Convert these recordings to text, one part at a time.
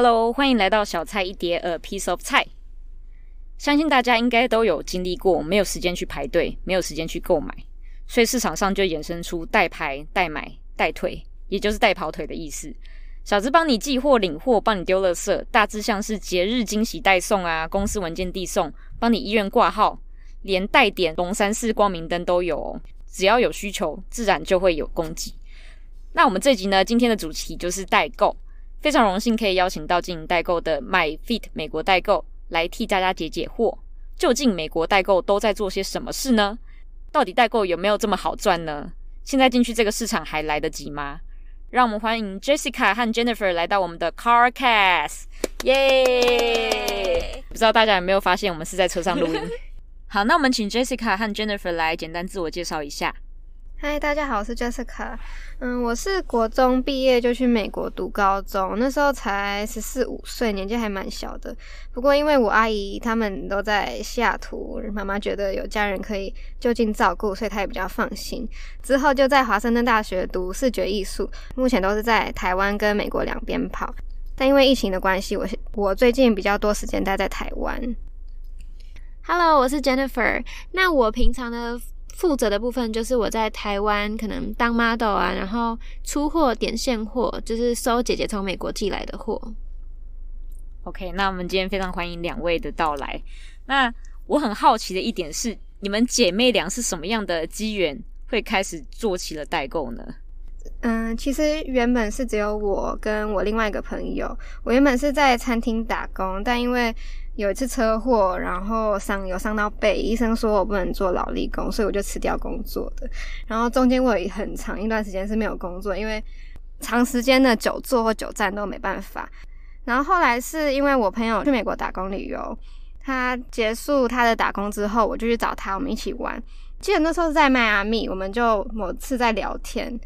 Hello，歡迎來到小蔡一碟，呃，A piece of Tsai。相信大家應該都有經歷過，沒有時間去排隊，沒有時間去購買，所以市場上就衍生出代排、代買、代退，也就是代跑腿的意思。小至幫你寄貨、領貨，幫你丟垃圾，大至像是節日驚喜代送啊，公司文件遞送，幫你醫院掛號，連代點龍山寺光明燈都有哦。只要有需求，自然就會有供給。那我們這集呢，今天的主題就是代購。非常榮幸可以邀請到經營代購的 Myfeet 美國代購來替大家解解惑。究竟美國代購都在做些什麼事呢？到底代購有沒有這麼好賺呢？現在進去這個市場還來得及嗎？讓我們歡迎 Jessica 和 Jennifer 來到我們的 Carcast，耶、yeah! 不知道大家有沒有發現我們是在車上錄音。好，那我們請 Jessica 和 Jennifer 來簡單自我介紹一下。嗨，大家好，我是 Jessica。嗯，我是國中畢業就去美國讀高中，那時候才十四五歲，年紀還蠻小的。不過因為我阿姨他們都在西雅圖，媽媽覺得有家人可以就近照顧，所以她也比較放心。之後就在華盛頓大學讀視覺藝術，目前都是在台灣跟美國兩邊跑。但因為疫情的關係，我我最近比較多時間待在台灣。Hello，我是 Jennifer。那我平常的，負責的部分就是我在台灣可能當 model 啊，然後出貨點現貨，就是收姐姐從美國寄來的貨。OK，那我們今天非常歡迎兩位的到來。那我很好奇的一點是，你們姐妹倆是什麼樣的機緣會開始做起了代購呢？嗯、呃，其實原本是只有我跟我另外一個朋友，我原本是在餐廳打工，但因為有一次車禍，然後傷有傷到背，醫生說我不能做勞力工，所以我就辭掉工作的。然後中間我很長一段時間是沒有工作，因為長時間的久坐或久站都沒辦法。然後後來是因為我朋友去美國打工旅遊，他結束他的打工之後，我就去找他，我們一起玩。記得那時候是在邁阿密，我們就某次在聊天。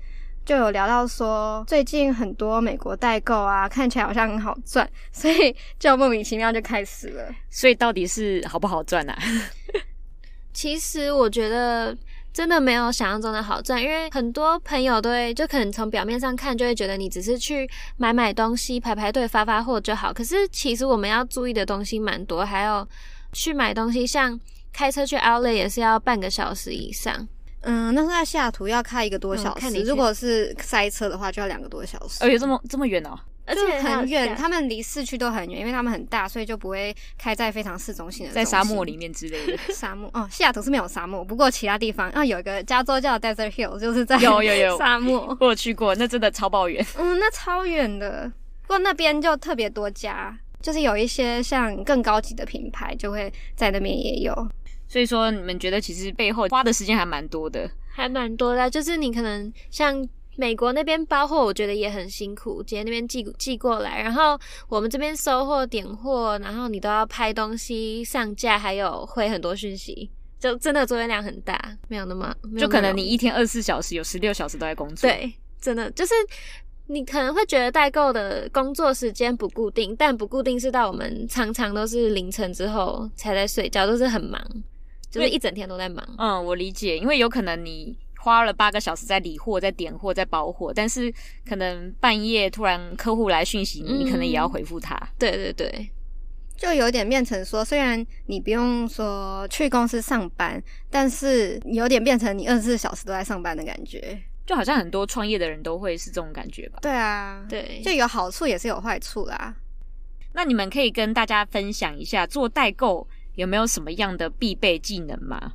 就有聊到說，最近很多美國代購啊，看起來好像很好賺，所以就莫名其妙就開始了。所以到底是好不好賺呢、啊？ 其實我覺得真的沒有想象中的好賺，因為很多朋友都會就可能從表面上看，就會覺得你只是去買買東西、排排隊、發發貨就好。可是其實我們要注意的東西蠻多，還有去買東西，像開車去 Outlet 也是要半個小時以上。嗯，那是在西雅圖要開一個多小時，嗯、看你如果是塞車的話，就要兩個多小時。哎、哦、且這麼這麼遠哦，而且很遠，他們離市區都很遠，因為他們很大，所以就不會開在非常市中心的中心，在沙漠裡面之類的。 沙漠哦，西雅圖是沒有沙漠，不過其他地方啊有一個加州叫 Desert Hills，就是在有有有，有沙漠，我去過，那真的超爆遠。嗯，那超遠的，不過那邊就特別多家，就是有一些像更高級的品牌就會在那邊也有。所以說，你們覺得其實背後花的時間還蠻多的，還蠻多的。就是你可能像美國那邊包貨，我覺得也很辛苦，直接那邊寄寄過來，然後我們這邊收貨、點貨，然後你都要拍東西上架，還有回很多訊息，就真的作業量很大，沒有那麼，就可能你一天二十四小時有十六小時都在工作。對，真的就是你可能會覺得代購的工作時間不固定，但不固定是到我們常常都是凌晨之後才在睡覺，都是很忙。就是一整天都在忙。嗯，我理解，因為有可能你花了八個小時在理貨、在點貨、在包貨，但是可能半夜突然客戶來訊息、嗯，你可能也要回復他、嗯。對對對，就有點變成說，雖然你不用說去公司上班，但是有點變成你二十四小時都在上班的感覺。就好像很多創業的人都會是這種感覺吧？對啊，對，就有好處也是有壞處啦。那你們可以跟大家分享一下做代購，有沒有什麼樣的必備技能嗎？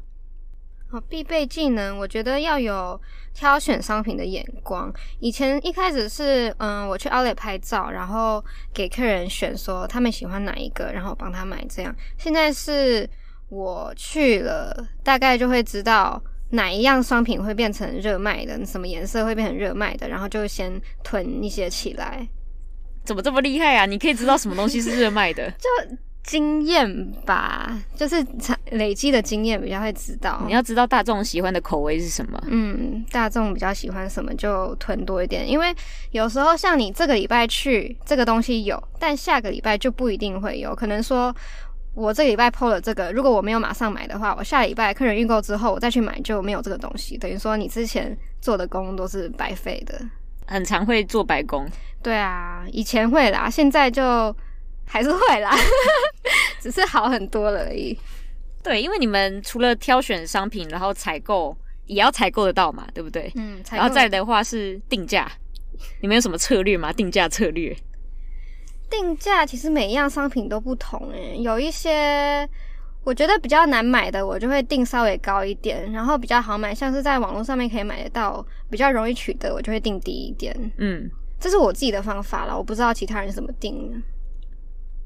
好，必備技能，我覺得要有挑選商品的眼光。以前一開始是，嗯，我去 Outlet 拍照，然後給客人選，說他們喜歡哪一個，然後幫他買。這樣，現在是我去了，大概就會知道哪一樣商品會變成熱賣的，什麼顏色會變成熱賣的，然後就先囤一些起來。怎麼這麼厲害啊？你可以知道什麼東西是熱賣的？ 就。經驗吧，就是累累積的經驗比較會知道。你要知道大眾喜歡的口味是什麼，嗯，大眾比較喜歡什麼就囤多一點。因為有時候像你這個禮拜去這個東西有，但下個禮拜就不一定會有。可能說我這個禮拜 po 了這個，如果我沒有馬上買的話，我下禮拜客人預購之後我再去買就沒有這個東西。等於說你之前做的工都是白費的，很常會做白工。對啊，以前會啦，現在就。還是會啦， 只是好很多了而已。 對，因為你們除了挑選商品，然後採購也要採購得到嘛，對不對？嗯。然後再的話是定價， 你們有什麼策略嗎？定價策略？定價其實每一樣商品都不同誒，有一些我覺得比較難買的，我就會定稍微高一點；然後比較好買，像是在網絡上面可以買得到、比較容易取得，我就會定低一點。嗯，這是我自己的方法了，我不知道其他人是怎麼定。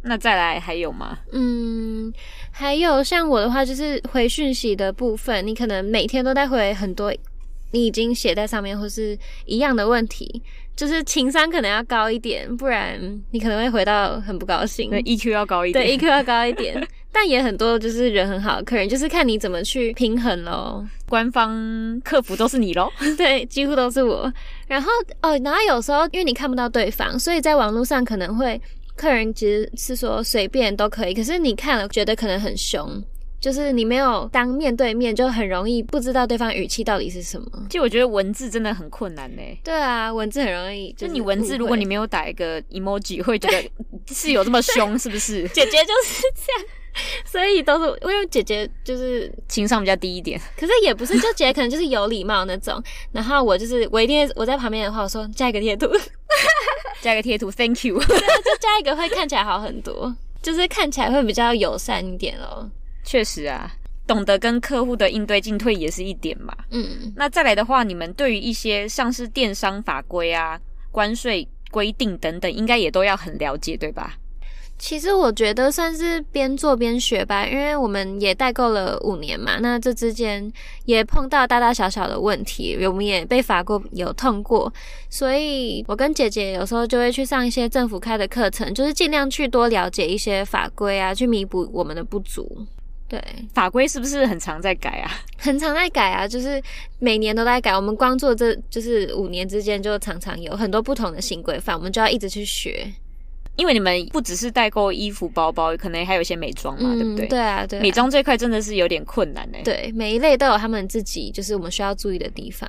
那再來還有嗎？嗯，還有像我的話，就是回訊息的部分，你可能每天都在回很多，你已經寫在上面或是一樣的問題，就是情商可能要高一點，不然你可能會回到很不高興。EQ 要高一點，對，EQ 要高一點， 但也很多就是人很好的客人就是看你怎麼去平衡咯，官方客服都是你咯， 對，幾乎都是我。然後哦，然後有時候因為你看不到對方，所以在網絡上可能會。客人其實是說隨便都可以，可是你看了覺得可能很凶，就是你沒有當面對面，就很容易不知道對方語氣到底是什麼。就我覺得文字真的很困難嘞。對啊，文字很容易就是。就你文字，如果你沒有打一個 emoji，會覺得是有這麼凶，是不是？ 姐姐就是這樣，所以都是因為姐姐就是情商比較低一點。可是也不是，就姐姐可能就是有禮貌那種。 然後我就是我一定我在旁邊的話，我說加一個貼圖。加一個貼圖，Thank you， 就加一個會看起來好很多， 就是看起來會比較友善一點哦。確實啊，懂得跟客戶的應對進退也是一點嘛。嗯，那再來的話，你們對於一些像是電商法規啊、關稅規定等等，應該也都要很了解，對吧？其實我覺得算是邊做邊學吧，因為我們也代購了五年嘛，那這之間也碰到大大小小的問題，我們也被罰過，有痛過，所以我跟姐姐有時候就會去上一些政府開的課程，就是儘量去多了解一些法規啊，去彌補我們的不足。對，法規是不是很常在改啊？很常在改啊，就是每年都在改。我們光做這就是五年之間就常常有很多不同的新規範，我們就要一直去學。因為你們不只是代購衣服包包，可能還有一些美妝嘛、嗯，對不對？對啊，對啊。美妝這一塊真的是有點困難呢。對，每一類都有他們自己，就是我們需要注意的地方。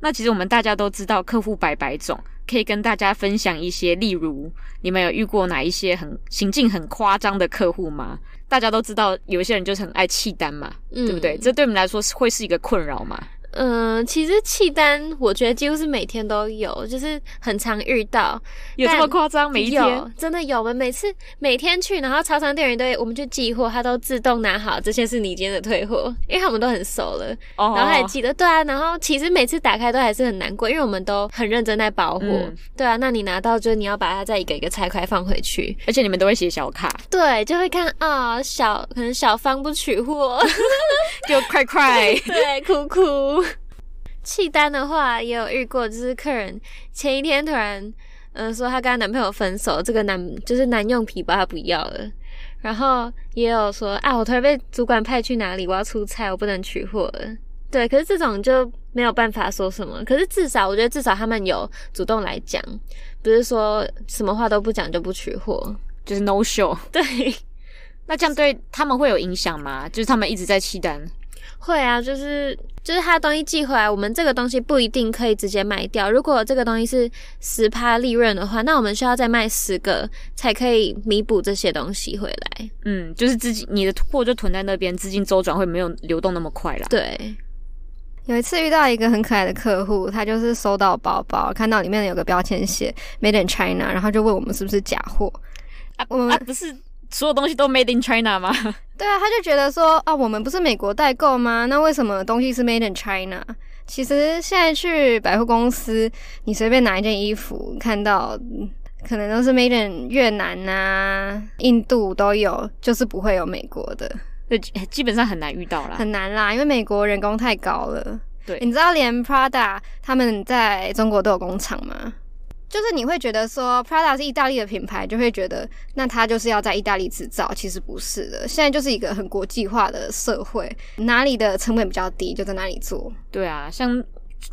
那其實我們大家都知道，客戶百百種，可以跟大家分享一些，例如你們有遇過哪一些很行徑很誇張的客戶嗎？大家都知道，有一些人就是很愛棄單嘛、嗯，對不對？這對我們來說是會是一個困擾嘛？嗯，其實棄單，我覺得幾乎是每天都有，就是很常遇到。有這麼誇張？沒有，真的有。我們每次每天去，然後超商店員都，我們就寄貨，他都自動拿好。這些是你今天的退貨，因為我們都很熟了。Oh、然後還記得，對啊。然後其實每次打開都還是很難過，因為我們都很認真在包貨。嗯、對啊。那你拿到，就是你要把它再一個一個拆開放回去，而且你們都會寫小卡。對，就會看啊、哦，小可能小方不取貨， 就快快，對，哭哭。棄單的話也有遇過，就是客人前一天突然嗯、呃、說她跟她男朋友分手，這個男就是男用皮包，她不，不要了，然後也有說啊，我突然被主管派去哪裡，我要出差，我不能取貨了。對，可是這種就沒有辦法說什麼，可是至少我覺得至少他們有主動來講，不是說什麼話都不講就不取貨，就是 no show。對， 那這樣對他們會有影響嗎？就是他們一直在棄單。會啊，就是就是他的東西寄回來，我們這個東西不一定可以直接賣掉。如果這個東西是十趴利潤的話，那我們需要再賣十個才可以彌補這些東西回來。嗯，就是自己你的貨就囤在那邊，資金週轉會沒有流動那麼快了。對，有一次遇到一個很可愛的客戶，他就是收到包包，看到裡面有個標籤寫 Made in China，然後就問我們是不是假貨？我們啊我啊，不是。所有東西都 made in China 嗎？對啊，他就覺得說啊，我們不是美國代購嗎？那為什麼東西是 made in China？其實現在去百貨公司，你隨便拿一件衣服，看到可能都是 made in 越南啊、印度都有，就是不會有美國的，就基本上很難遇到啦，很難啦，因為美國人工太高了。對，你知道連 Prada 他們在中國都有工廠嗎？就是你會覺得說 Prada 是意大利的品牌，就會覺得那它就是要在意大利製造。其實不是的，現在就是一個很國際化的社會，哪裡的成本比較低，就在哪裡做。對啊，像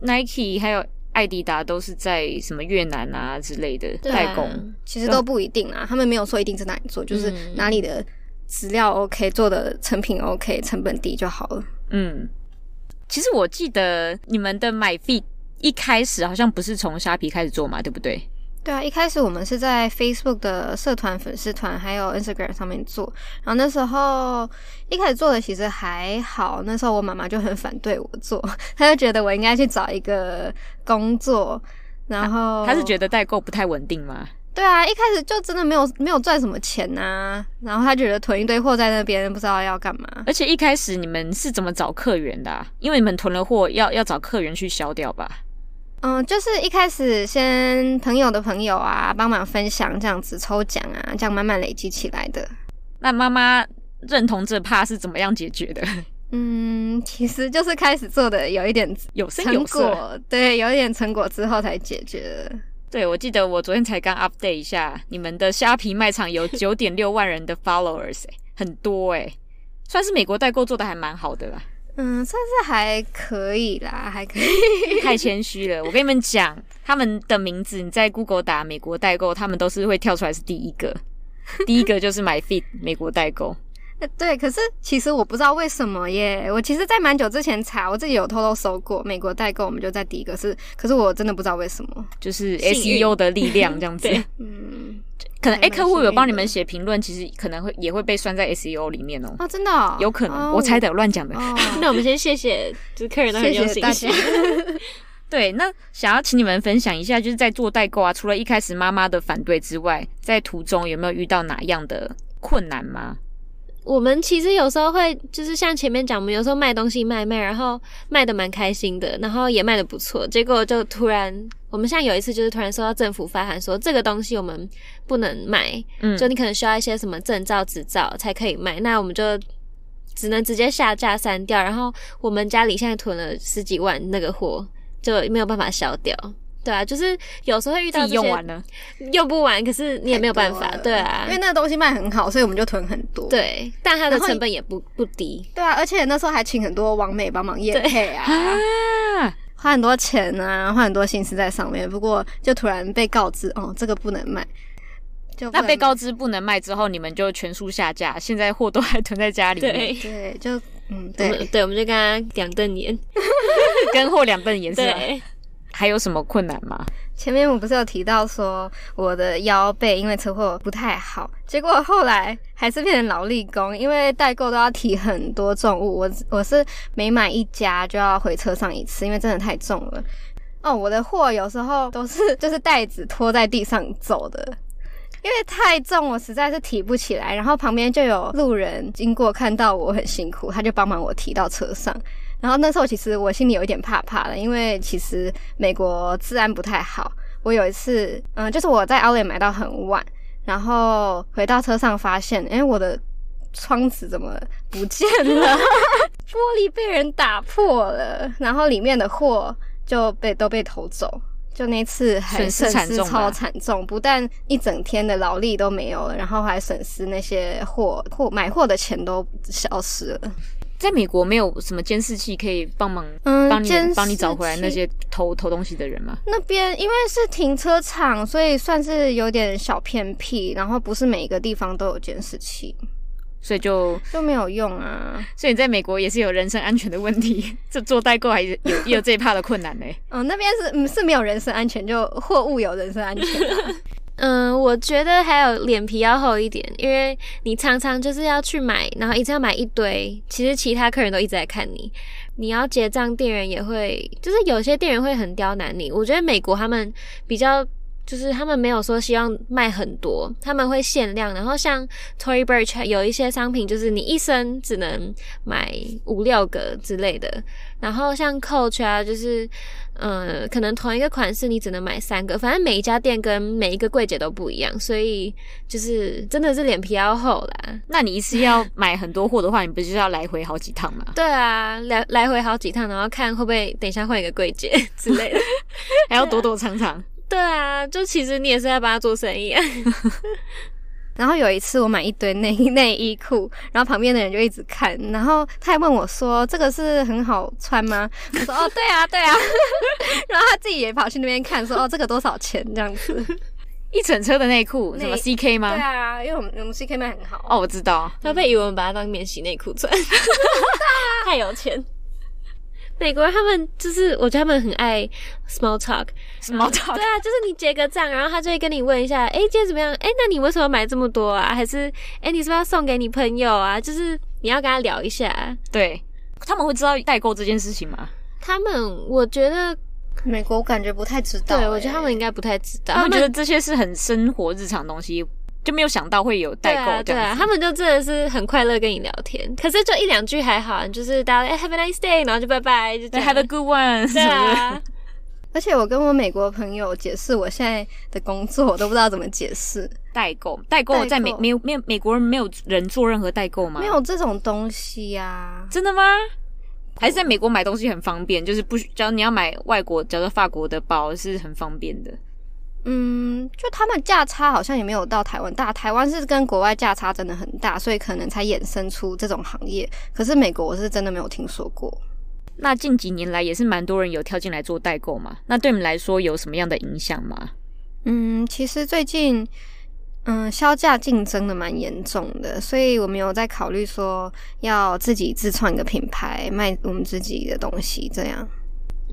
Nike 還有艾迪達都是在什麼越南啊之類的、啊、代工。其實都不一定啊，哦、他們沒有說一定在哪裡做，就是哪裡的資料 OK，、嗯、做的成品 OK，成本低就好了。嗯，其實我記得你們的 Myfeet 一開始好像不是從蝦皮開始做嘛，對不對？對啊，一開始我們是在 Facebook 的社團、粉絲團還有 Instagram 上面做。然後那時候一開始做的其實還好，那時候我媽媽就很反對我做，她就覺得我應該去找一個工作。然後她是覺得代購不太穩定嗎？對啊，一開始就真的沒有沒有賺什麼錢吶、啊。然後她覺得囤一堆貨在那邊不知道要幹嘛。而且一開始你們是怎麼找客源的、啊？因為你們囤了貨，要要找客源去銷掉吧？嗯，就是一開始先朋友的朋友啊，幫忙分享這樣子抽獎啊，這樣慢慢累積起來的。那媽媽認同這趴是怎麼樣解決的？嗯，其實就是開始做的有一點有成果有有，對，有一點成果之後才解決。對，我記得我昨天才剛 update 一下，你們的蝦皮賣場有九點六萬人的 followers、欸、很多誒、欸，算是美國代購做的還蠻好的啦。嗯，算是還可以啦，還可以。 太謙虛了，我跟你們講，他們的名字你在 Google 打美國代購，他們都是會跳出來是第一個，第一個就是 Myfeet 美國代購。對，可是其實我不知道為什麼耶。我其實，在蠻久之前查，我自己有偷偷搜過美國代購，我們就在第一個是，可是我真的不知道為什麼，就是 SEO 的力量這樣子。 嗯，可能哎、欸，客戶有幫你們寫評論，其實可能會也會被算在 SEO 裡面哦、喔。哦，真的、哦，有可能，哦、我猜的亂講的。哦、 那我們先謝謝，就是客人那邊有請。謝謝大家。 對，那想要請你們分享一下，就是在做代購啊，除了一開始媽媽的反對之外，在途中有沒有遇到哪樣的困難嗎？我們其實有時候會，就是像前面講，我們有時候賣東西賣賣，然後賣的蠻開心的，然後也賣的不錯，結果就突然，我們像有一次就是突然收到政府發函說這個東西我們不能賣，就你可能需要一些什麼證照執照才可以賣，嗯，那我們就只能直接下架刪掉，然後我們家裡現在囤了十幾萬那個貨就沒有辦法銷掉。對啊，就是有時候會遇到用完了，用不完，可是你也沒有辦法，對啊，因為那個東西賣很好，所以我們就囤很多，對，但它的成本也不不低，對啊，而且那時候還請很多網美幫忙驗配啊對，花很多錢啊，花很多心思在上面，不過就突然被告知，哦，這個不能賣。就被告知不能賣之後，你們就全數下架，現在貨都還囤在家裡面，對，對就嗯，對對，我們就跟他兩瞪眼跟貨兩瞪眼， 對。還有什麼困難嗎？前面我不是有提到說我的腰背因為車禍不太好，結果後來還是變成勞力工，因為代購都要提很多重物，我我是每買一家就要回車上一次，因為真的太重了。哦，我的貨有時候都是就是袋子拖在地上走的。因為太重，我實在是提不起來。然後旁邊就有路人經過，看到我很辛苦，他就幫忙我提到車上。然後那時候其實我心裡有一點怕怕的，因為其實美國治安不太好。我有一次，嗯，就是我在 outlet 買到很晚，然後回到車上發現，哎、欸，我的窗子怎麼不見了？ 玻璃被人打破了，然後裡面的貨就被都被偷走。就那次很損失超慘重，不但一整天的勞力都沒有了，然後還損失那些貨，貨買貨的錢都消失了。在美國沒有什麼監視器可以幫忙幫你、嗯、幫你找回來那些偷偷東西的人嗎？那邊因為是停車場，所以算是有點小偏僻，然後不是每一個地方都有監視器。所以就都沒有用啊。所以你在美國也是有人身安全的問題，這 做代購還是有也有最怕的困難嘞。嗯 、哦，那邊是是沒有人身安全，就貨物有人身安全、啊。嗯、 呃，我覺得還有臉皮要厚一點，因為你常常就是要去買，然後一次要買一堆，其實其他客人都一直在看你，你要結賬，店員也會，就是有些店員會很刁難你。我覺得美國他們比較。就是他們沒有說希望賣很多，他們會限量。然後像 Tory Burch 有一些商品就是你一生只能買五六個之類的。然後像 Coach 啊，就是嗯、呃，可能同一個款式你只能買三個。反正每一家店跟每一個櫃姐都不一樣，所以就是真的是臉皮要厚啦。那你一次要買很多貨的話，你不是就是要來回好幾趟嘛？ 對啊，來來回好幾趟，然後看會不會等一下換一個櫃姐之類的， 還要躲躲藏藏。對啊，就其實你也是在幫他做生意啊。 然後有一次我買一堆內衣、內褲，然後旁邊的人就一直看，然後他還問我說：“這個是很好穿嗎？”我說：“ 哦，對啊，對啊。 ”然後他自己也跑去那邊看，說：“哦，這個多少錢？”這樣子，一整車的內褲，什麼 CK 嗎？對啊，因為我們我們 CK 賣很好。哦，我知道，他被以為我們把它當免洗內褲穿， 太有錢。美國人他們就是，我覺得他們很愛 small talk，small talk, small talk，嗯。對啊，就是你結個賬，然後他就會跟你問一下，哎，欸，今天怎麼樣？哎，欸，那你為什麼要買這麼多啊？還是，哎，欸，你是不是要送給你朋友啊？就是你要跟他聊一下。對，他們會知道代購這件事情嗎？他們我覺得美國我感覺不太知道，欸。對我覺得他們應該不太知道，他們覺得這些是很生活日常東西。就沒有想到會有代購這樣子，對啊，對啊，他們就真的是很快樂跟你聊天。可是就一兩句還好，就是大家哎，hey，have a nice day，然後就拜拜，就 have a good one，是啊。而且我跟我美國朋友解釋我現在的工作，我都不知道怎麼解釋。代購，代購，在美沒有沒有美國人沒有人做任何代購嗎？沒有這種東西呀、啊？真的嗎？還是在美國買東西很方便？就是不需要，只要你要買外國，假如法國的包是很方便的。嗯，就他們價差好像也沒有到台灣大，台灣是跟國外價差真的很大，所以可能才衍生出這種行業。可是美國我是真的沒有聽說過。那近幾年來也是蠻多人有跳進來做代購嘛？那對我們來說有什麼樣的影響嗎？嗯，其實最近嗯，削價競爭的蠻嚴重的，所以我們有在考慮說要自己自創一個品牌，賣我們自己的東西，這樣。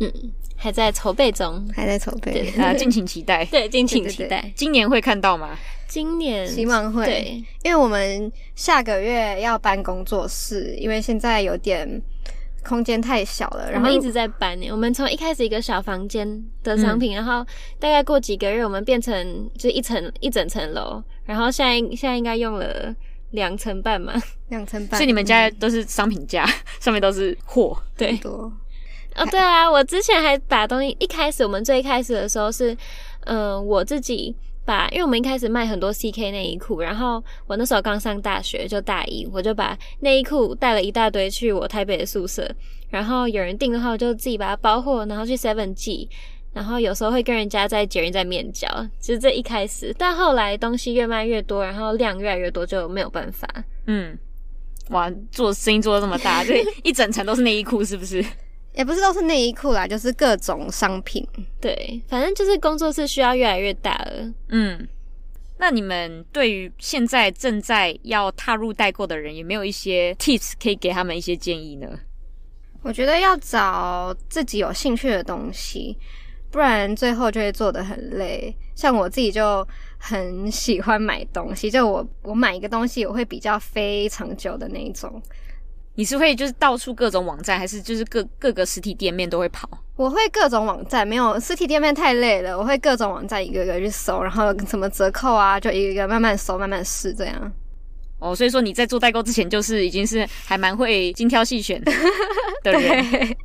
嗯，還在籌備中，還在籌備，啊， 敬請期待，對，敬請期待，今年會看到嗎？今年希望會，對，因為我們下個月要搬工作室，因為現在有點空間太小了，然後一直在搬。我們從一開始一個小房間的商品、嗯，然後大概過幾個月，我們變成就一層一整層樓，然後現在現在應該用了兩層半嘛，兩層半，所以你們家都是商品架，上面都是貨，對，很多。哦、oh，對啊，我之前還把東西一開始，我們最開始的時候是，嗯、呃，我自己把，因為我們一開始賣很多 CK 內衣褲，然後我那時候剛上大學，就大一，我就把內衣褲帶了一大堆去我台北的宿舍，然後有人訂的話，我就自己把它包貨，然後去 Seven 寄，然後有時候會跟人家在捷運在面交。其、就、實、是、這一開始，但後來東西越賣越多，然後量越來越多，就沒有辦法，嗯，哇，做生意做得這麼大，就一整層都是內衣褲，是不是？ 也不是都是內衣褲啦，就是各種商品。對，反正就是工作室需要越來越大了。嗯，那你們對於現在正在要踏入代購的人，有沒有一些 tips 可以給他們一些建議呢？我覺得要找自己有興趣的東西，不然最後就會做得很累。像我自己就很喜歡買東西，就我我買一個東西，我會比較非常久的那一種。你是會就是到處各種網站，還是就是各各個實體店面都會跑？我會各種網站，沒有實體店面太累了。我會各種網站一個一個去搜，然後什麼折扣啊，就一個一個慢慢搜，慢慢試這樣。哦，所以說你在做代購之前，就是已經是還蠻會精挑細選的，對不 對？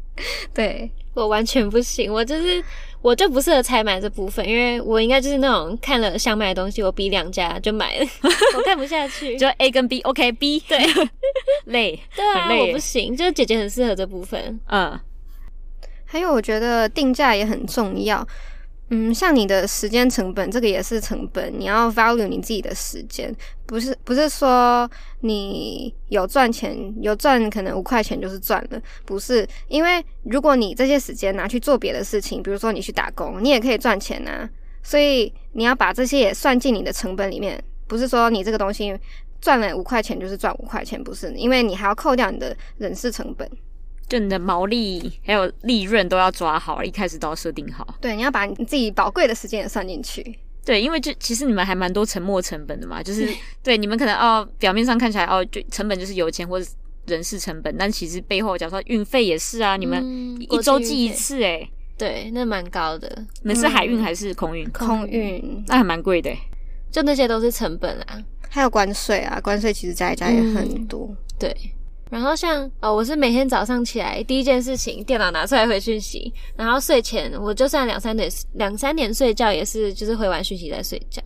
對。我完全不行，我就是我就不適合採買這部分，因為我應該就是那種看了想買的東西，我比兩家就買了， 我看不下去，就 A 跟 B，OK B，, okay, B 對， 累，對啊，我不行，就是姐姐很適合這部分，嗯，還有我覺得定價也很重要。嗯，像你的時間成本，這個也是成本。你要 value 你自己的時間，不是不是說你有賺錢有賺，可能五塊錢就是賺了，不是。因為如果你這些時間拿去做別的事情，比如說你去打工，你也可以賺錢啊。所以你要把這些也算進你的成本裡面，不是說你這個東西賺了五塊錢就是賺五塊錢，不是，因為你還要扣掉你的人事成本。就你的毛利還有利潤都要抓好，一開始都要設定好。對，你要把你自己寶貴的時間也算進去。對，因為就其實你們還蠻多沉沒成本的嘛，就是、欸、對，你們可能哦，表面上看起來哦，就成本就是油錢或者人事成本，但其實背後假如說運費也是啊，嗯、你們一周寄一次、欸，誒。對，那蠻高的。你們是海運還是空運、嗯？空運那、啊、還蠻貴的、欸，就那些都是成本啊，還有關稅啊，關稅其實加一加也很多。嗯、對。然後像呃、哦，我是每天早上起來第一件事情，電腦拿出來回訊息。然後睡前我就算兩三點兩三點睡覺，也是就是回完訊息再睡覺，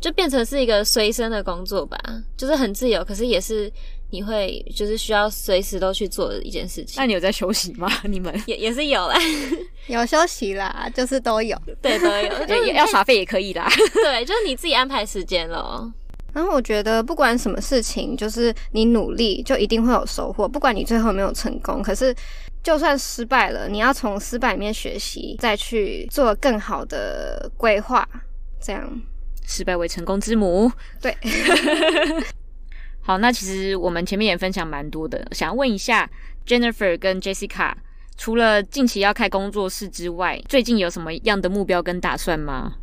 就變成是一個隨身的工作吧，就是很自由，可是也是你會就是需要隨時都去做的一件事情。那你有在休息嗎？你們也也是有啦，有休息啦，就是都有，對都有，就是、 要耍廢也可以啦，對，就是你自己安排時間咯。然後我覺得，不管什麼事情，就是你努力，就一定會有收穫。不管你最後有沒有成功，可是就算失敗了，你要從失敗裡面學習，再去做更好的規劃。這樣，失敗為成功之母。對。 好，那其實我們前面也分享蠻多的，想要問一下 Jennifer 跟 Jessica，除了近期要開工作室之外，最近有什麼樣的目標跟打算嗎？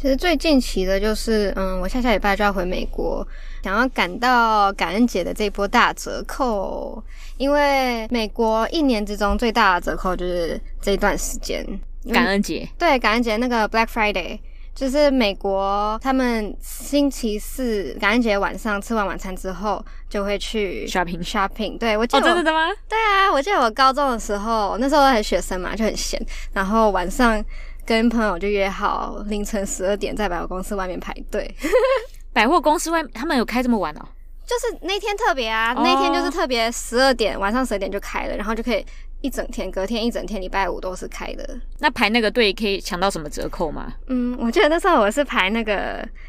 其實最近期的就是，嗯，我下下禮拜就要回美國，想要趕到感恩節的這波大折扣，因為美國一年之中最大的折扣就是這段時間。感恩節？對，感恩節那個 Black Friday，就是美國他們星期四感恩節晚上吃完晚餐之後就會去 shopping shopping。對，我記得我、哦。真的嗎？對啊，我記得我高中的時候，那時候都很學生嘛，就很閒，然後晚上。跟朋友就約好凌晨十二點在百貨公司外面排隊。百貨公司外面他們有開這麼晚哦？就是那天特別啊，那天就是特別十二點、oh. 晚上十二點就開了，然後就可以一整天，隔天一整天禮拜五都是開的。那排那個隊可以搶到什麼折扣嗎？嗯，我記得那時候我是排那個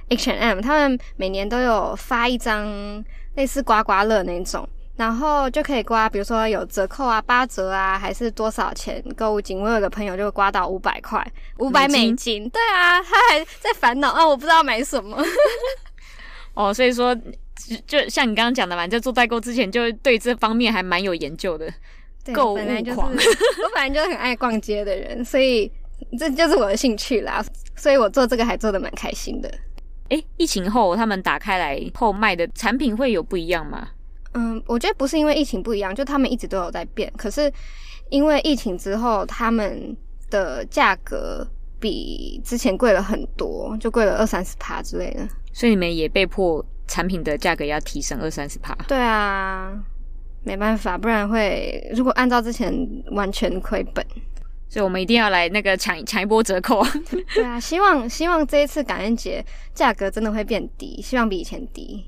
H&M，他們每年都有發一張類似刮刮樂那種。然後就可以刮，比如說有折扣啊，八折啊，還是多少錢購物金？我有一個朋友就刮到五百塊，五百美，美金。對啊，他還在煩惱啊、哦，我不知道買什麼。 哦，所以說就，就像你剛剛講的嘛，在做代購之前就對這方面還蠻有研究的。對購物狂，本來就是、 我本來就是很愛逛街的人，所以這就是我的興趣啦。所以我做這個還做得蠻開心的。哎，疫情後他們打開來後賣的產品會有不一樣嗎？嗯，我覺得不是因為疫情不一樣，就他們一直都有在變。可是因為疫情之後，他們的價格比之前貴了很多，就貴了二三十趴之類的。所以你們也被迫產品的價格要提升二三十趴。對啊，沒辦法，不然會如果按照之前完全虧本，所以我們一定要來那個搶搶一波折扣。 對啊，希望希望這一次感恩節價格真的會變低，希望比以前低。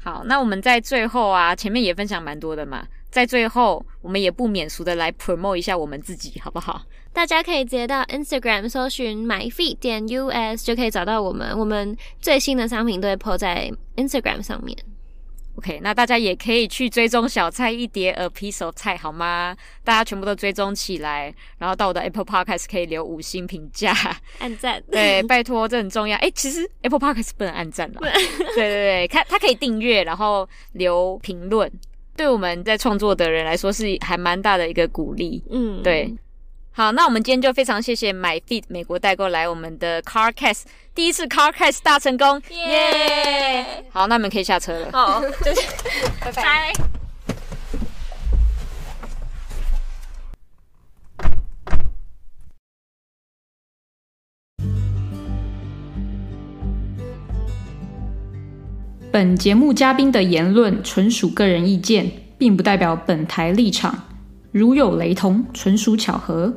好，那我們在最後啊，前面也分享蠻多的嘛，在最後我們也不免俗的來 promote 一下我們自己，好不好？大家可以直接到 Instagram 搜尋 myfeet 點 US 就可以找到我們，我們最新的商品都會 po 在 Instagram 上面。OK，那大家也可以去追蹤小蔡一碟，a piece of Tsai，好嗎？大家全部都追蹤起來，然後到我的 Apple Podcast 可以留五星評價。按讚，對，拜託，這很重要。哎、欸，其實 Apple Podcast 不能按讚了， 對對對，他他可以訂閱，然後留評論，對我們在創作的人來說是還蠻大的一個鼓勵，嗯，對。好，那我們今天就非常謝謝 Myfeet 美國代購來我們的 CarCast，第一次 CarCast 大成功，耶、yeah!！好，那我們可以下車了。 好，再、就、見、是，拜拜。 本節目嘉賓的言論純屬個人意見，並不代表本台立場，如有雷同，純屬巧合。